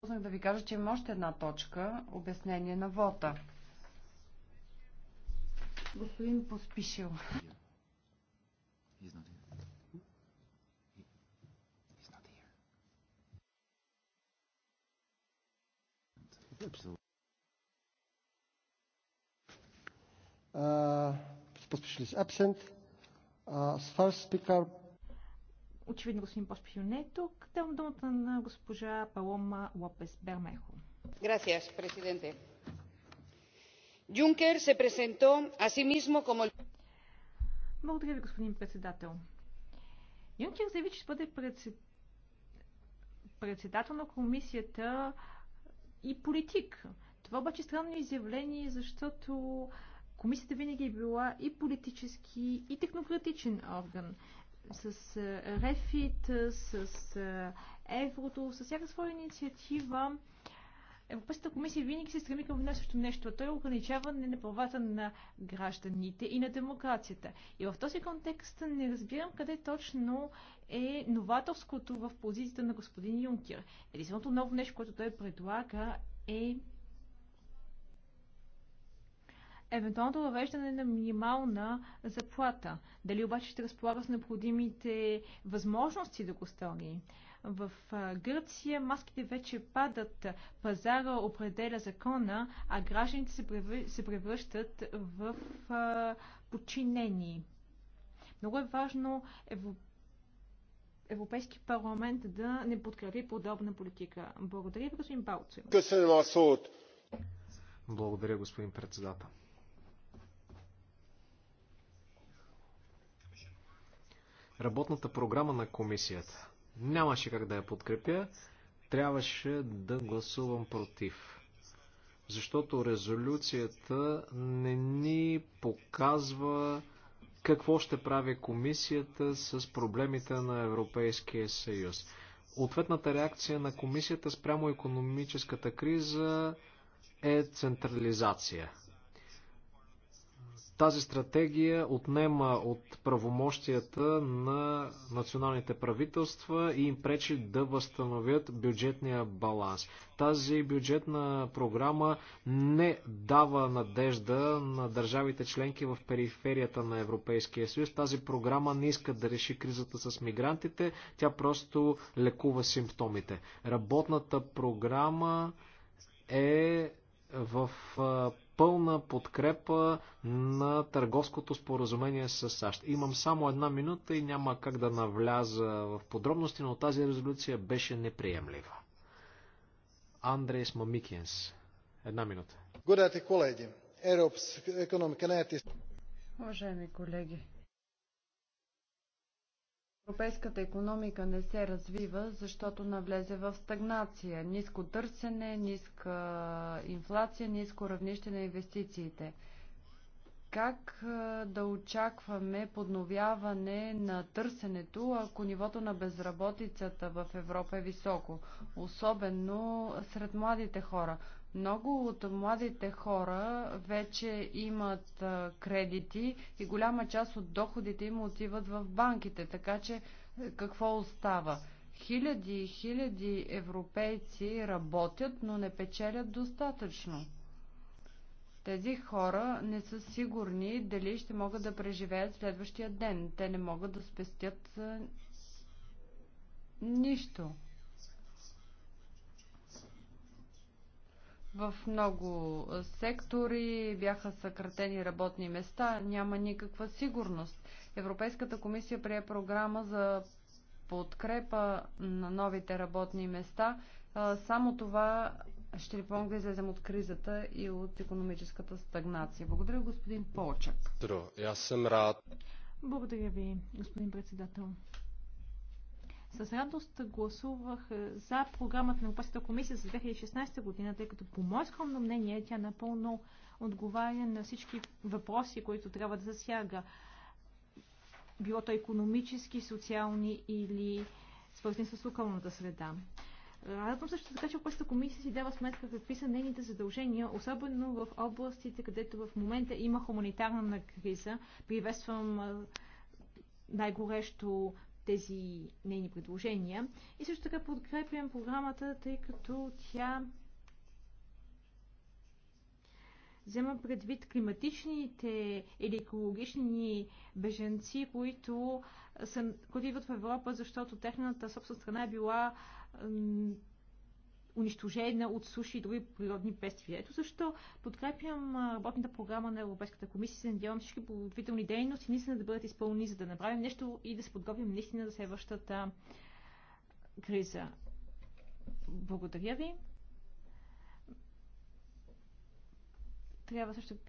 Познах да ви кажа, че има още една точка – обяснение на вота. Господин Поспишил. Uh, Pospíšil is absent. Uh, first speaker, Очевидно господин Поспешил не е тук. Давам думата на госпожа Палома Лопес Бермехо. Gracias, presidente. Юнкер се presentó a sí mismo como... Благодаря ви, господин председател. Юнкер заяви, че ще бъде председател на комисията и политик. Това обаче е странно изявление, защото комисията винаги е била и политически, и технократичен орган с Рефит, с Еврото, с всяка своя инициатива. Европейската комисия винаги се стреми към едно също нещо, а то е ограничаване на правата на гражданите и на демокрацията. И в този контекст не разбирам къде точно е новаторското в позицията на господин Юнкер. Единственото ново нещо, което той предлага е евентуалното въвеждане на минимална заплата. Дали обаче ще разполага с необходимите възможности да го стълни? В Гърция маските вече падат, пазара определя закона, а гражданите се превръщат в подчинени. Много е важно Европейски парламент да не подкрепи подобна политика. Благодаря господин Балцев. Благодаря, господин председател. работната програма на комисията. Нямаше как да я подкрепя, трябваше да гласувам против. Защото резолюцията не ни показва какво ще прави комисията с проблемите на Европейския съюз. Ответната реакция на комисията спрямо економическата криза е централизация. Тази стратегия отнема от правомощията на националните правителства и им пречи да възстановят бюджетния баланс. Тази бюджетна програма не дава надежда на държавите членки в периферията на Европейския съюз. Тази програма не иска да реши кризата с мигрантите, тя просто лекува симптомите. Работната програма е в пълна подкрепа на търговското споразумение с САЩ. Имам само една минута и няма как да навляза в подробности, но тази резолюция беше неприемлива. Андрейс Мамикинс. Една минута. колеги, економика не е Уважаеми колеги, Европейската економика не се развива, защото навлезе в стагнация. Ниско търсене, ниска инфлация, ниско равнище на инвестициите как да очакваме подновяване на търсенето, ако нивото на безработицата в Европа е високо, особено сред младите хора. Много от младите хора вече имат кредити и голяма част от доходите им отиват в банките, така че е, какво остава? Хиляди и хиляди европейци работят, но не печелят достатъчно. Тези хора не са сигурни дали ще могат да преживеят следващия ден. Те не могат да спестят нищо. В много сектори бяха съкратени работни места, няма никаква сигурност. Европейската комисия прие програма за подкрепа на новите работни места. Само това ще ви помогне да излезем от кризата и от економическата стагнация. Благодаря, господин Полчак. Аз съм рад. Благодаря ви, господин председател. С радост гласувах за програмата на Европейската комисия за 2016 година, тъй като по мое скромно мнение тя напълно отговаря на всички въпроси, които трябва да засяга. Било то економически, социални или свързани с околната среда. Радвам също така, че Европейската комисия си дава сметка какви са нейните задължения, особено в областите, където в момента има хуманитарна криза. Приветствам най-горещо тези нейни предложения. И също така подкрепям програмата, тъй като тя взема предвид климатичните или екологични беженци, които, са, които идват в Европа, защото техната собствена страна е била унищожена от суши и други природни бедствия. Ето защо подкрепям работната програма на Европейската комисия се надявам всички подготвителни дейности наистина да бъдат изпълнени, за да направим нещо и да се подготвим наистина за следващата криза. Благодаря ви. Трябва също